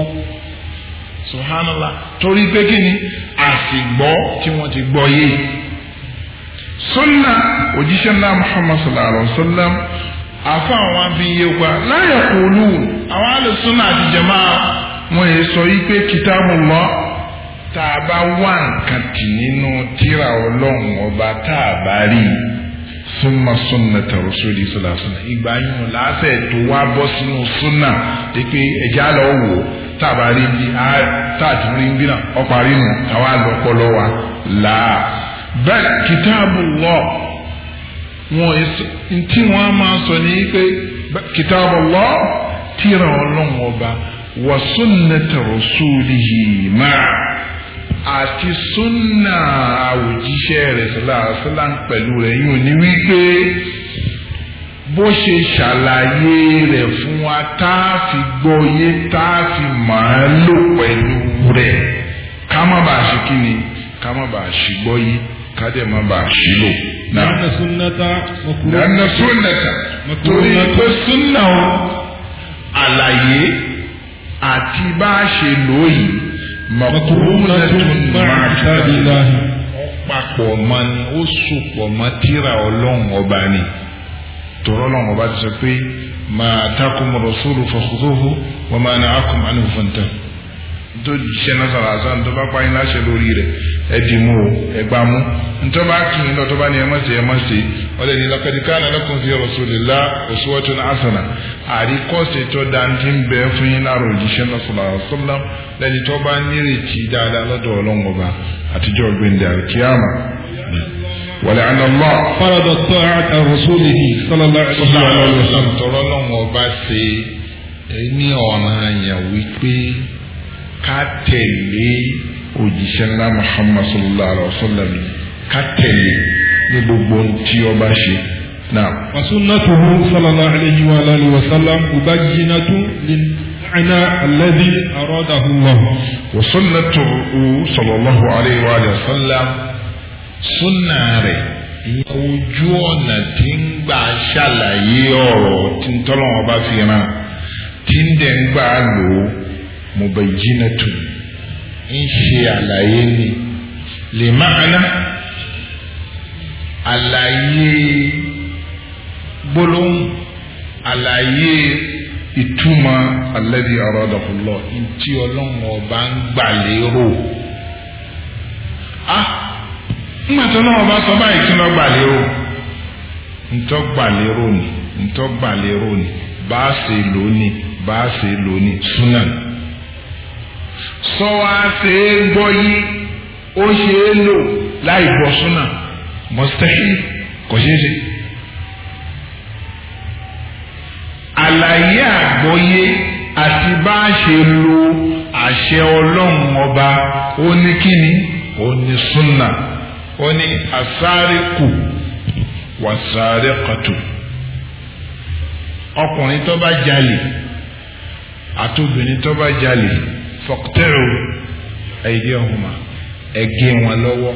subhanallah torí pé kí ni àsìgbọ́ tí wọ́n ti gbọ́ yé sunna òjíṣẹ́ náà muhammad sallallahu alayhi wa sallam àfa àwọn abiyẹ wa láyà kúlù àwọn alùsùnà àti jamaa wọn yẹ sọ yìí pé kitabullah tá a bá wà nǹkan tì nínú tírà ọlọ́run ọba tá a bá rí súnmọ́ súnmọ́ tẹ̀rọ sórí sọ́làsọ́nà ìgbà yìí làásẹ̀ tó wá bọ́ sínú súnà pé ẹ̀já lọ wò tá a bá rí bí tá a ti rí bí náà ọ̀parí nù táwa lọ́pọ̀lọ́ là bẹ́ẹ̀ kitabullah wọn ntí wọn máa sọ ní pé kìtàbù Allah tíra ọlọ́run ọba wà sunnata rasulihi máa àti sunna àwòjíṣẹ́ rẹ̀ sọláàsọlá pẹ̀lú rẹ̀ yìí ò ní wípé bó ṣe ṣàlàyé rẹ̀ fún wa tá a fi gbọ́ yé tá a fi máa lò pẹ̀lú rẹ̀ ká má bàa ṣe kí ni ká má bàa ṣe gbọ́ yé ká dẹ̀ má bàa ṣe lò lànà súnnàtà mọ̀kúrò. lànà súnnàtà torí pé súnnà o àlàyé àti bá a ṣe lò yìí mọ̀kúrò nàtún máa tàbí láàyè. papọ̀ mọ́ ni ó sopọ̀ mọ́ tíra ọlọ́run ọba ni tòrọ́ ọlọ́run ọba ti sọ pé ma atakum rasulu fakhudhuhu wa ma na'akum anhu fantahu. dójú iṣẹ́ nasara sọ̀rọ̀ àṣà ní tó bá pa yín mu lórí mu ẹ dì mú o ẹ gbà mú ntọ́ bá kì í lọ tó bá ní ẹ má ṣe ẹ má ṣe ọ̀lẹ́ ní fi rasulillah uswatun hasana àríkọ́sẹ̀ tó dáńtí ń bẹ fún yín lára òjíṣẹ́ náà sọ̀rọ̀ àṣọ́lá ولعن الله فرض الطاعة رسوله صلى الله عليه وسلم ká tẹ̀lé òjíṣẹ́ ńlá muhammad sallallahu alaihi wa sallam ká tẹ̀lé ní gbogbo tí ọba ṣe. وسنته صلى الله عليه وآله وسلم مبينة للمعنى الذي أراده الله وسنته صلى الله عليه وآله وسلم سنة ري ojú ọ̀nà tí ń gbà ṣàlàyé ọ̀rọ̀ tí ń tọ́lọ́wọ́n bá fi ran tí ń dẹ̀ ń gbà lò ó mubayyinatun ń ṣe àlàyé ni lè máàná àlàyé gbólóhùn àlàyé ìtumọ̀ alladhi aradahu Allah ntí ọlọ́run ọba ń gbà lérò a ńgbà tó náà ọba sọ báyìí kí n lọ gbà lérò ni ntọ́ gbà ni bá a ṣe lò sunan tó wá ṣe é gbọ́ yí ó ṣe é lò láì bọ́ súnà mustahil kò ṣeé ṣe. àlàyé àgbọ́yé àti bá a ṣe lo àṣẹ ọlọ́run ọba ó ní kíni ó ní súnà ó ní àsáríkù wàsáríkàtù ọkùnrin tó bá jalè àtòbìnrin tó bá jalè fọkítẹ́rù ẹ̀yẹ ọ̀hùnmá ẹ̀gẹ́ wọn lọ́wọ́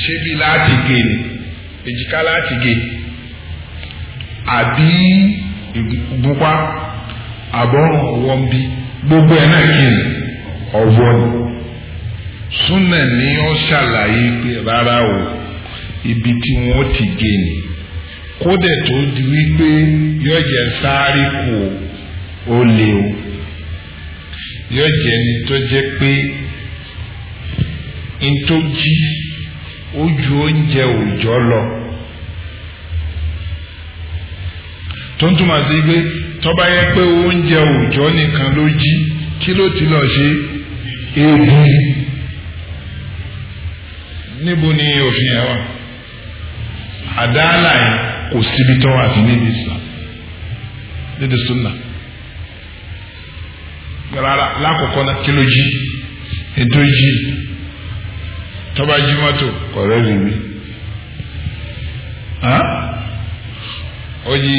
ṣébi láti gé ni èjìká láti gé àbí ìbúpa àbọ̀rùn ọ̀wọ́ ń bí gbogbo ẹ̀ náà kí ni ọ̀wọ́ ni súnà ni ó ṣàlàyé pé rárá o ibi tí wọ́n ti gé ni kódẹ̀ tó di wípé yọ̀jẹ̀ sáré kù ó lè o yóò jẹ́ ni tó jẹ́ pé ntòjí ó ju oúnjẹ òòjọ́ lọ tó ń túmọ̀ sí pé tọ́ba yẹ pé oúnjẹ òòjọ́ nìkan ló jí kí ló ti lọ ṣe ebi níbo ni òfin ẹ̀ wà àdáàlà yẹn kò síbi tó wà sí níbi ìsà níbi súnà rárá lákòókò náà kí ló jí ètò jí tọ́ba jí mọ́tò kọ̀rẹ́ rè mí ó jí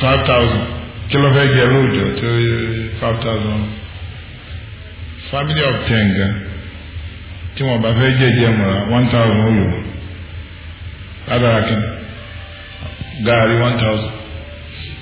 five thousand kí ló fẹ́ jẹ lóòjọ́ tó five thousand family of ten gan tí wọ́n bá fẹ́ jẹjẹ mọ́ra one thousand ó lò ládàá kí gaari one thousand.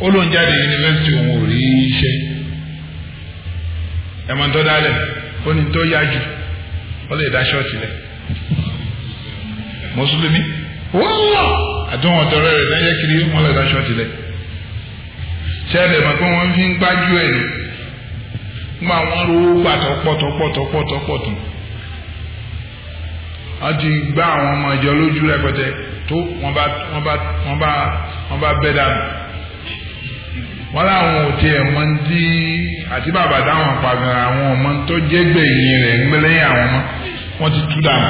ó ló ń jáde yunifásitì òun ò rí iṣẹ́ ẹ̀mọ́ tó dálẹ̀ ó ní tó yá jù ó lè dá ṣọ́ọ̀tì lẹ̀ mùsùlùmí wọ́lọ̀ àdúhùn ọ̀tọ̀rẹ́ rẹ̀ lẹ́yẹ kiri wọ́n lè dá ṣọ́ọ̀tì lẹ̀ ṣẹ́ẹ̀dẹ̀ mọ̀ pé wọ́n fi ń gbájú ẹ̀ ní gbà wọ́n rówó gbà tọ́pọ̀tọ́pọ̀tọ́pọ̀tọ́ wọ́n ti gbá àwọn ọmọ ìjọ lójú rẹpẹtẹ tó wọ́n bá wọ́n bá wọ́n bá bẹ́ dànù wọ́n láwọn ò tiẹ̀ mọ ti àti bàbá dáhùn àpàgàn àwọn ọmọ tó jẹ́ gbẹ̀yìn rẹ̀ ń gbẹ́lẹ́yìn àwọn ọmọ wọ́n ti tú dànù.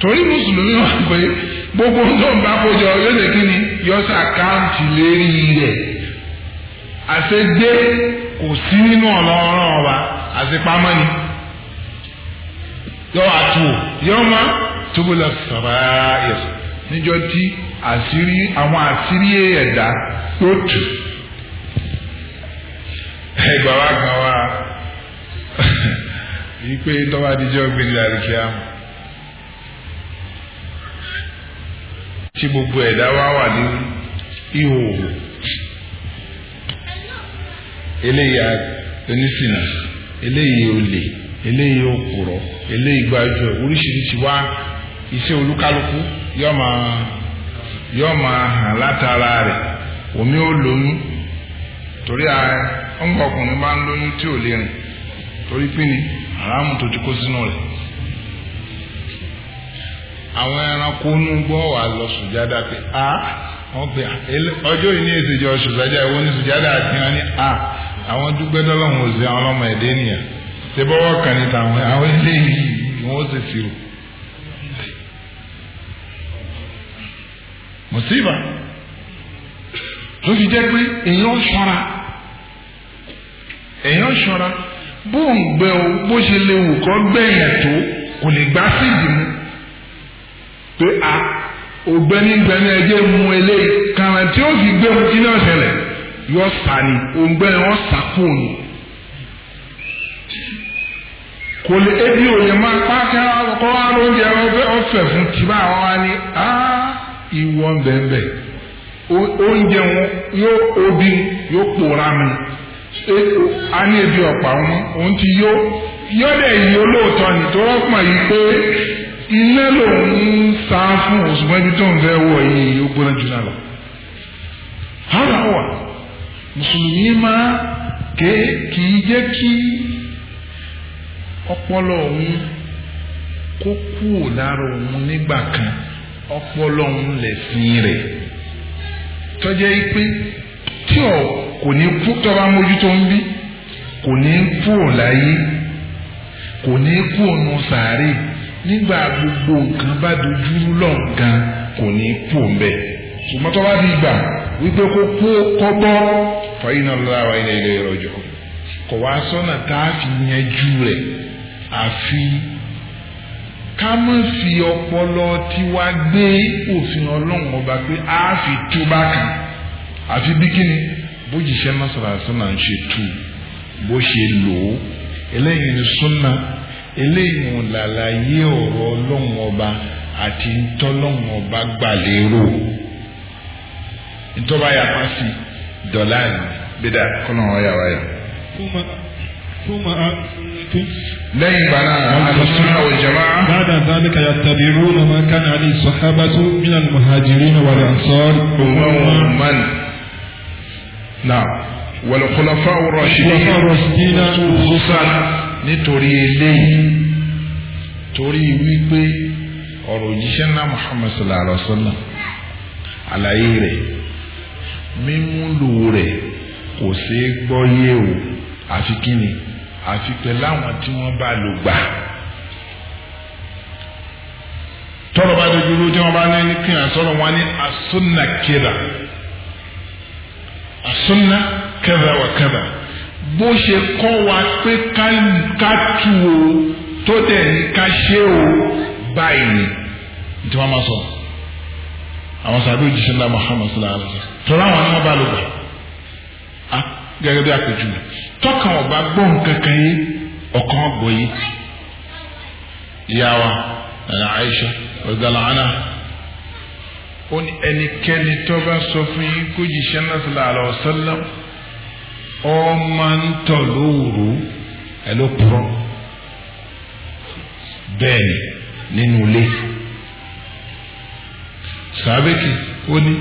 torí mùsùlùmí wà pé gbogbo tó ń bá kójọ yóò lè kí ni yọ sàkáǹtì lérí rẹ̀ àṣegbé kò sí nínú ọlọ́run ọba àṣepamọ́ ni yọ àtúwò yọ ọmọ túbúlọ̀ sọ̀rọ̀ ayẹ̀sọ̀ níjọ́ tí àṣírí àwọn àṣírí ẹ̀dá yóò tù ẹgbà wa kan wá yìí pé tọ́wá díjọ́ gbélé àríkè àmọ́ tí gbogbo ẹ̀dá wa wà ní ihò eléyìí onísìnà eléyìí olè eléyìí òkùrọ̀ eléyìí gbájú oríṣiríṣi wá iṣẹ́ olúkálukú yọ máa. yóò ma hàn rẹ̀ omi ó lóyún torí a ọkùnrin bá ń lóyún tí ò lè rìn torí pé ni Awọn tó ti kó sínú ẹranko wà lọ sùjádà pé a wọ́n pe ọjọ́ yìí ní èsèjọ sùjádà ìwọ ní sùjádà ní a àwọn dúpẹ́ dọ́lọ́hún àwọn ẹ̀dẹ́ nìyà ṣé bọ́wọ́ kan ní mùsíbà tó fi jẹ́ pé èèyàn ṣọ́ra èèyàn ṣọ́ra bó ń gbẹ o bó ṣe lè wù kọ́ gbẹ̀yìn tó kò lè gbá síìdì mu pé a ògbẹ́ni gbẹ́ni ẹjẹ́ mu eléyìí kàrà tí ó fi gbé mu kí náà ṣẹlẹ̀ yọ sá ni ògbẹ́ni wọ́n sá fóònù kò lè ebi òye máa pàṣẹ ọkọ̀ wa lóúnjẹ ọfẹ́ fún tìbá àwọn wa ni aaa. iwu ń bẹ̀ ń oúnjẹ wọn yóò obi yóò pòórá mi a ní ebi ọ̀pá wọn òun ti yó yọ́dẹ̀ yìí olóòótọ́ ni tó rọ́pọ̀ yìí pé iná lòun ń sá fún òṣùpá ibi tó ń fẹ́ wọ̀ yìí ó gbóná jù náà lọ. hàrà wà mùsùlùmí máa ké kì í jẹ́ kí ọpọlọ òun ọpọlọ ń lẹ̀sìn rẹ̀ tọ́jẹ́ pé tí ọ kò ní kú tọ́ba mójútó ń bí kò ní kú ọ̀láyé kò ní kú ọ̀nà sàárè nígbà gbogbo nǹkan bá dojúrú lọ́ǹkan kò ní kú ọ̀nbẹ̀ ṣùgbọ́n tọ́ba ti gbà wípé kó kú kọ́gbọ́ fàyínà lọ́wọ́ ilẹ̀ ilẹ̀ ìrọ̀jọ̀ kò wá sọ́nà tá a fi yanjú rẹ̀ àfi ká má fi ọpọlọ tiwa gbé òfin ọlọ́run ọba pé a fi tú bá kan àfi bí kíni bójìṣẹ́ mọ́sálásí náà ń ṣe tú bó ṣe lò ó eléyìí ni súnà eléyìí ń làlàyé ọ̀rọ̀ ọlọ́run ọba àti ntọ́lọ́run ọba gbàlérò ntọ́ba yàtọ̀ sí dọ̀là bídà kọ́nà ọ̀yà wáyà lẹ́yìn ìgbà náà alùsùnà wal jamaa. bàdà zálika yattabi'una ma kana alayhi sahabatu minal muhajirin wal ansar. umman man. na wàlùkùlọ̀fà rọ̀ṣìdínà khususan nítorí eléyìí torí wípé ọ̀rọ̀ òjíṣẹ́ náà Muhammad sallallahu alaihi wa sallam àlàyé rẹ̀ mímúlò rẹ̀ kò ṣeé gbọ́ yé o àfi kíni àti pẹ̀lú àwọn tí wọ́n bá lò gbà tọrọ bá dojú rú tí wọ́n bá ní ní kí wọ́n sọ̀rọ̀ wọn ní asúnà kẹrà asúnà kẹrà wà kẹrà bó ṣe kọ́ wa pé ká tu o tó dẹ̀ ní ká ṣe o báyìí ni tí wọ́n máa sọ àwọn sàbẹ̀ òjíṣẹ́ ńlá Muhammad sallallahu alaihi wa sallam tọ́lá àwọn ni wọ́n bá lò gbà gẹ́gẹ́ bí àpèjúwe tọ́ka ọba gbọ́ nkankan yé ọ̀kan ọgbọ̀ yé ìyàwó ẹ̀yà Aisha ọ̀dàlànà ó ní ẹnikẹ́ni tó bá sọ fún yín kó jìṣẹ́ náà sílẹ̀ àlọ́ sẹ́lẹ̀ ọ máa ń tọ̀ lóòrò ẹ ló purọ́ bẹ́ẹ̀ ni nínú ilé sàbẹ̀kì ó ní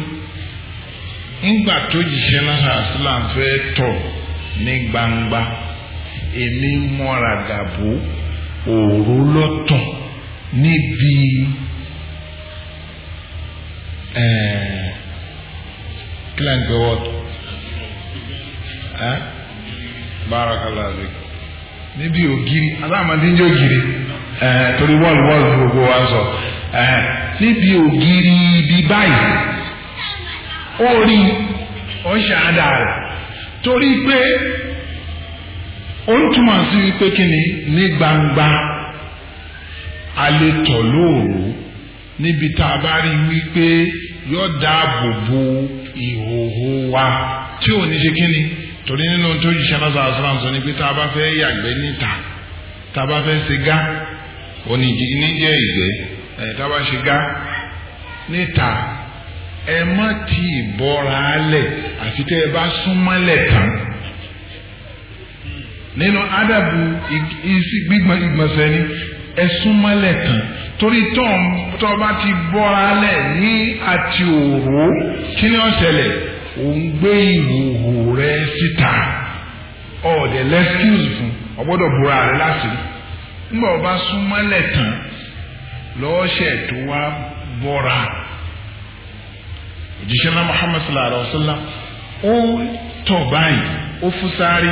ńgbà tó jìṣẹ́ náà sílẹ̀ àfẹ́ tọ̀ ní gbangba èmi mọ́ra gàbó òru lọ́tàn níbi kílàǹgbé wọ́tò bárakàlá rẹ̀ níbi ògiri aláàmàdínjẹ́ ògiri eh, torí wọ́ọ̀lù wọ́ọ̀lù gbogbo wa sọ eh, níbi ògiri ibi báyìí ó rí ó ṣàádà rẹ̀. torí pé ó ń túmọ̀ sí pé kí ní gbangba a lè níbi tá a bá rí wípé yóò dáàbò bo ìhòòhò wa tí ò ní ṣe kíni torí nínú tó jíṣẹ́ náà sọ̀rọ̀ sọ̀rọ̀ sọ ni pé tá a bá fẹ́ yàgbẹ́ níta tá a bá fẹ́ ṣe a bá àfi tẹ́ ẹ bá súnmọ́lẹ̀ tán nínú ádàbù gbígbọ̀nsẹ̀ ni ẹ súnmọ́lẹ̀ tán torí tọ́n tọ́ bá ti bọ́ra lẹ̀ ní àti òró kí ni ó ò ń gbé ìhòòhò rẹ síta ọ̀dẹ̀ lẹ́skíùsì fún ọgbọ́dọ̀ bora rẹ lásìrí nígbà ọba súnmọ́lẹ̀ tán wa tó wá bọ́ra òjíṣẹ́ náà Muhammad sallallahu wa sallam ó tọ̀ báyìí ó fúsárì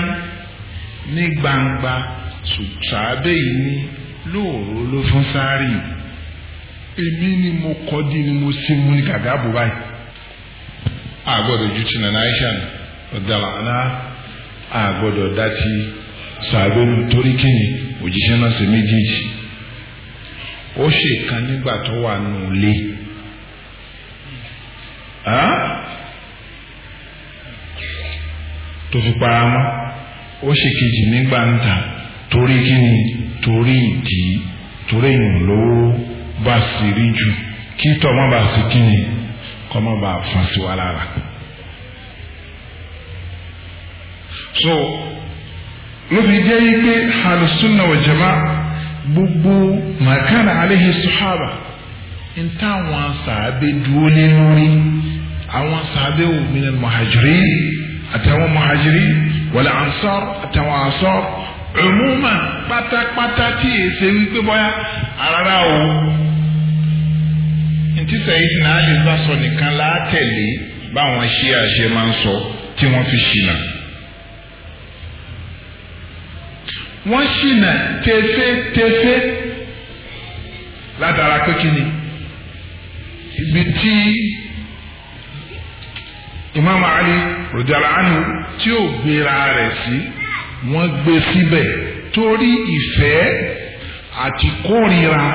ní gbangba sàábẹ̀ yìí ní lóòrò ló fúsárì èmi ni mo kọ́ di ni mo ní bò báyìí ju ti aisha nù ọ̀dàlà náà àgbọ̀dọ̀ dá ti sàábẹ̀ nù torí kíni òjíṣẹ́ náà ṣe méjèèjì ó ṣèkan nígbà tó fi para mọ́ ó ṣe kejì ní gbàǹtà torí kíni torí ìdí torí ìyìn ló bá sì rí jù kí tọ́ mọ́ bá sì kíni kọ́ mọ́ bá fọ́n sí wa lára. so ló fi jẹ́ yí pé alùsùnà wà jama gbogbo màkànà aléhi sùhábà n táwọn sàábé dúró lé lórí àwọn sàábé wò mí ní àtàwọn muhajiri wàlẹ̀ ansar àtàwọn ansar ẹ̀múmà pátápátá tí èsè wípé bọ́yá rárá o ntí sẹ́yìn náà lè bá sọ nìkan látẹ̀lé báwọn ṣí àṣẹ máa ń sọ tí wọ́n fi ṣìnà. wọ́n ṣìnà tẹ́fẹ́tẹ́fẹ́ látara pé kí ni ibi tí imam ali rọjàlá anu tí ó gbéra rẹ̀ sí wọ́n gbé síbẹ̀ torí ìfẹ́ àti kórìíra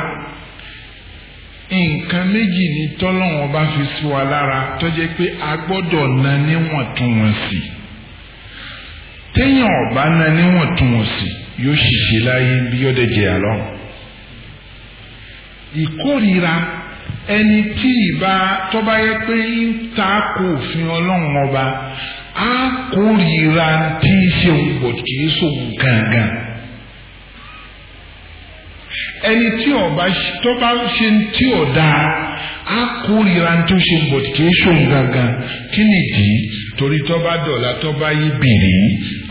nǹkan méjì ni tọ́lọ́wọ́n bá fi sí wa lára tó pé a gbọ́dọ̀ na níwọ̀ntúnwọ̀nsì téèyàn ọ̀bá na níwọ̀ntúnwọ̀nsì yóò ṣìṣe láyé bí yọ́dẹ̀ jẹ́ àlọ́ ìkórìíra ẹni tí ìbá tọ́ba yẹ pé ń ta kò òfin ọlọ́run ọba á kórìíra tí í ṣe òǹbọ̀ kì í ṣòwò gangan ẹni tí ọba tọ́ba ṣe tí ò dáa á kórìíra tó ṣe òǹbọ̀ kì í ṣòwò gangan kí nìdí torí tọ́ba dọ̀la tọ́ba yí bìrì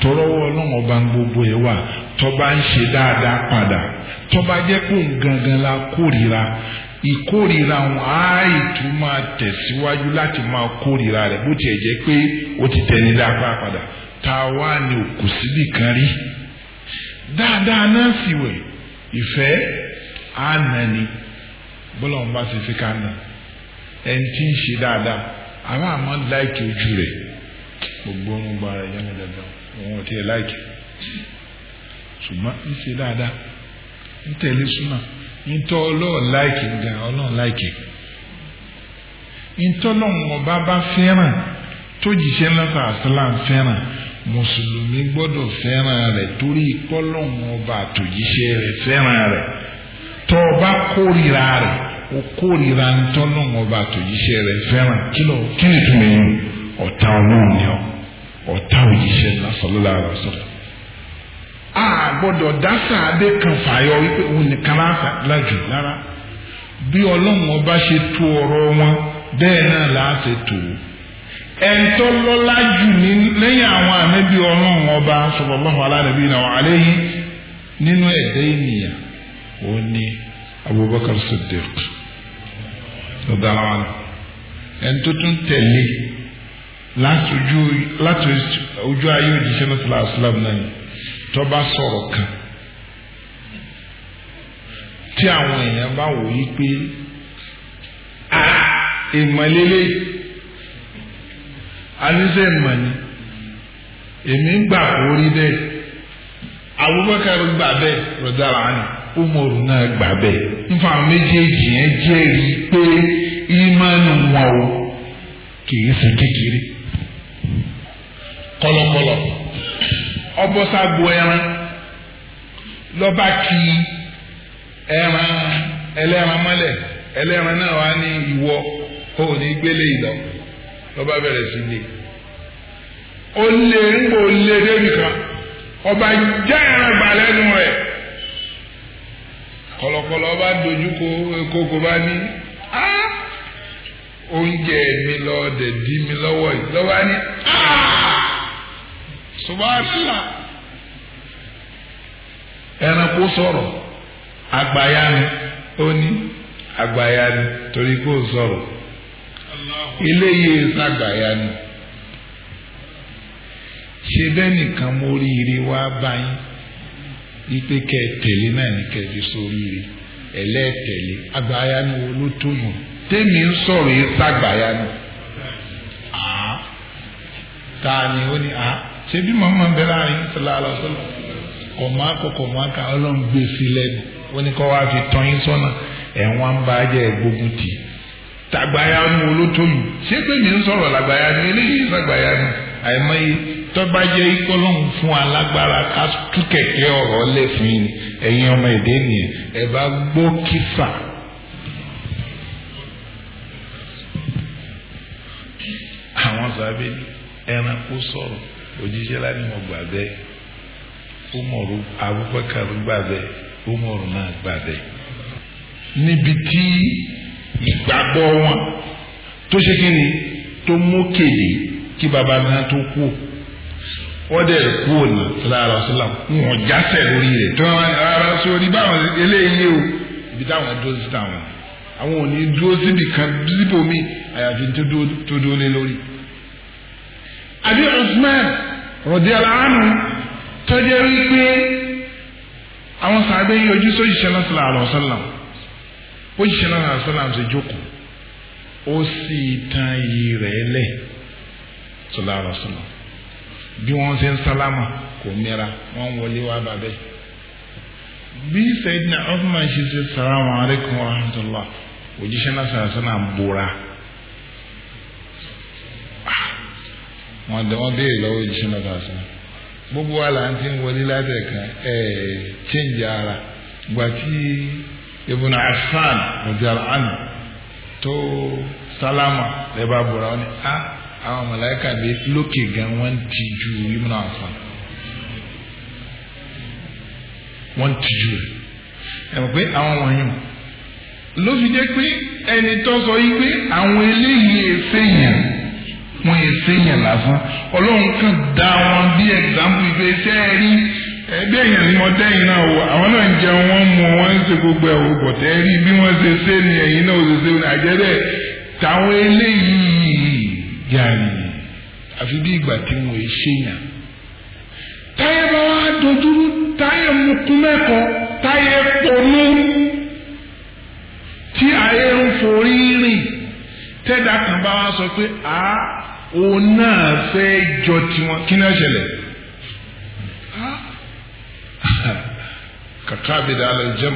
tọ́rọ́wọ́ ọlọ́run ọba gbogbo ẹ̀ wà tọ́ba ń ṣe dáadáa padà tọ́ba jẹ́ pé gangan la kórìíra ìkórira wọn á ìtú máa tẹ̀síwájú láti máa kórira rẹ̀ bó tiẹ̀ jẹ́ pé ó ti tẹ̀ ní padà tá a wá ní òkú síbì kan rí dáadáa náà sì wẹ̀ ìfẹ́ á ni bọ́lá bá ṣe fi ká nà ẹni tí ń ṣe dáadáa ntọ́ ọlọ́run láìkì gan ọlọ́run láìkì ntọ́ ọlọ́run ọba bá fẹ́ràn tó jìṣẹ́ lọ́sà àṣàlám fẹ́ràn mùsùlùmí gbọ́dọ̀ fẹ́ràn rẹ̀ torí ìpọ́lọ́run ọba àtòjíṣẹ́ rẹ̀ fẹ́ràn rẹ̀ tọ́ ọba kórìíra rẹ̀ ó kórìíra ntọ́ ọlọ́run ọba àtòjíṣẹ́ rẹ̀ fẹ́ràn kí ló kí ni túmọ̀ yín ọ̀tá ọlọ́run ni ọ ọ̀tá òjíṣẹ́ lọ́sọ̀lọ́lá rẹ̀ sọ̀rọ̀ a gbọ́dọ̀ dáṣà adé kan fàyọ wípé òun nìkan lájù lára bí ọlọ́run ọba ṣe tu ọ̀rọ̀ wọn bẹ́ẹ̀ náà là á ṣe tò ó ẹ̀ńtọ́ lọ́lá jù ní lẹ́yìn àwọn ànábì ọlọ́run ọba sallallahu ala nabiyina wa nínú ẹ̀dẹ́ ènìyàn ó ní Abubakar Siddiq ọ̀dà ẹ̀ńtọ́ tún tẹ̀lé láti ojú ayé òjíṣẹ́ náà sọ̀rọ̀ àṣìláàmù náà tọ́ba sọ̀rọ̀ kan tí àwọn èèyàn bá wò yí pé a ìmọ̀lélẹ̀ aníṣẹ́ ìmọ̀ ni èmi ń gbà orí bẹ́ẹ̀ Abubakar gbà bẹ́ẹ̀ rọ̀dára àná Umar náà gbà bẹ́ẹ̀ nfa méjèèjì yẹn jẹ́rìí pé ìmánu wọn o kì í ṣe kékeré kọ̀lọ̀kọ̀lọ̀ ọbọ̀sàgbo ẹran lọ́ba ki, ẹran ẹlẹ́ran mọ́lẹ̀ ẹlẹ́ran náà wá ní ìwọ ò ní gbélé ìlọ lọ́ba bẹ̀rẹ̀ sí lé ó lé ńgbò lé débi kan ọba já ẹran gbà lẹ́nu rẹ̀ kọ̀lọ̀kọ̀lọ̀ bá dojú ko kókó bá ní oúnjẹ mi lọ́ọ́ dẹ̀ dí mi lọ́wọ́ yìí lọ́ba ní áá. subahana ẹranko sọrọ agbayanu ó ní agbayanu torí kó sọ̀rọ̀ eléyìí e sàgbàyanu ṣe bẹ́ẹ̀ nìkan mo rí ire wá báyìí wípé kẹ tẹ̀lé náà ní kẹfì sórí ire ẹlẹ́tẹ̀lé agbayanu wo ló tó mọ̀ tẹ́mi ń sọ̀rọ̀ yìí e sàgbàyanu àá ta ni ó ṣé bí Muhammad bẹ láàrin sallallahu alaihi wasallam kò má kò kò má ka ọlọ́run gbé sí lẹ́nu ó ní kọ́ wá fi tán yín sọ́nà ẹ̀wọ̀n ń bá jẹ́ gbógun tì í tàgbáyà nu olótóyù ṣé pé mi ń sọ̀rọ̀ làgbáyà ni eléyìí sàgbáyà ni àìmọye tọ́ba jẹ́ ikọ́lọ́hún fún alágbára ká tú kẹ̀kẹ́ ọ̀rọ̀ lẹ̀ fún yín ẹ̀yin ọmọ èdè nìyẹn ẹ̀ bá gbó kífà. àwọn sábẹ́ ẹranko sọ̀rọ̀ òjíṣẹ́ ni mọ̀ gbà bẹ́ẹ̀ umaru abubakar gbà bẹ́ẹ̀ umaru náà gbà bẹ́ẹ̀ níbi tí ìgbàgbọ́ wọn tó ṣe kí ni tó mú kéde kí baba náà tó kú wọ́n dẹ̀ kú ọ̀nà lára sílá wọn jásẹ̀ lórí rẹ̀ tó ara sórí báwọn eléyìí o ibi táwọn dúró sí táwọn àwọn ò ní dúró síbi kan síbòmí àyàfi tó dúró lé lórí àbí Usman radiyallahu anhu tó jẹ́ wípé àwọn sàbẹ̀ yìí ojú sójìṣẹ́ náà sallallahu alaihi wasallam òjìṣẹ́ náà sallallahu alaihi wasallam ṣe jókòó ó sì tan iyì rẹ̀ lẹ̀ sallallahu alaihi wasallam bí wọ́n ṣe ń sálámà kò mìíràn wọ́n wọlé wá bàbẹ́ bí Sayyidina Uthman ṣe ṣe salamu alaikum wa rahmatullah òjìṣẹ́ náà sallallahu alaihi wasallam wọn dẹ wọ́n béèrè lọ́wọ́ ìjíṣẹ́ náà sọ gbogbo wa là ń ti ń wọlé látẹ̀kàn ẹ̀ change ara gbà tí Ibn na radiyallahu anhu tó sálámà lẹ́bàá bọ̀rọ̀ wọn ni a ah, àwọn màláíkà mi lókè gan wọ́n ti ju Ibn Affan wọ́n ti ju rẹ̀ ẹ̀ pé àwọn fi pé ẹni sọ pé àwọn eléyìí wọn yẹ sẹ́yìn lásán ọlọ́run kan dá wọn bí ẹ̀gbáǹpù ìgbé iṣẹ́ rí ẹgbẹ́ èèyàn ni mo dẹ́yìn náà wọ àwọn náà ń jẹun wọn mú wọn ń ṣe gbogbo ẹ̀wọ̀ bọ̀tẹ́ rí bí wọ́n ṣe ṣe ni ẹ̀yìn náà ṣe ṣe ní àjẹ́bẹ̀ táwọn eléyìí yàrá àfi bí ìgbà tí wọn ò ṣèyàn táyà bá wá dojúrú táyà mukun mẹ́kọ̀ọ́ táyà pọnú tí ayé ń forí rìn tẹ́dà kan bá wá sọ pé àá òun náà fẹ́ jọ tiwọn kí náà ṣẹlẹ̀ <laughs> kàkà àbẹ̀dẹ̀ alẹ́ jẹ́mu.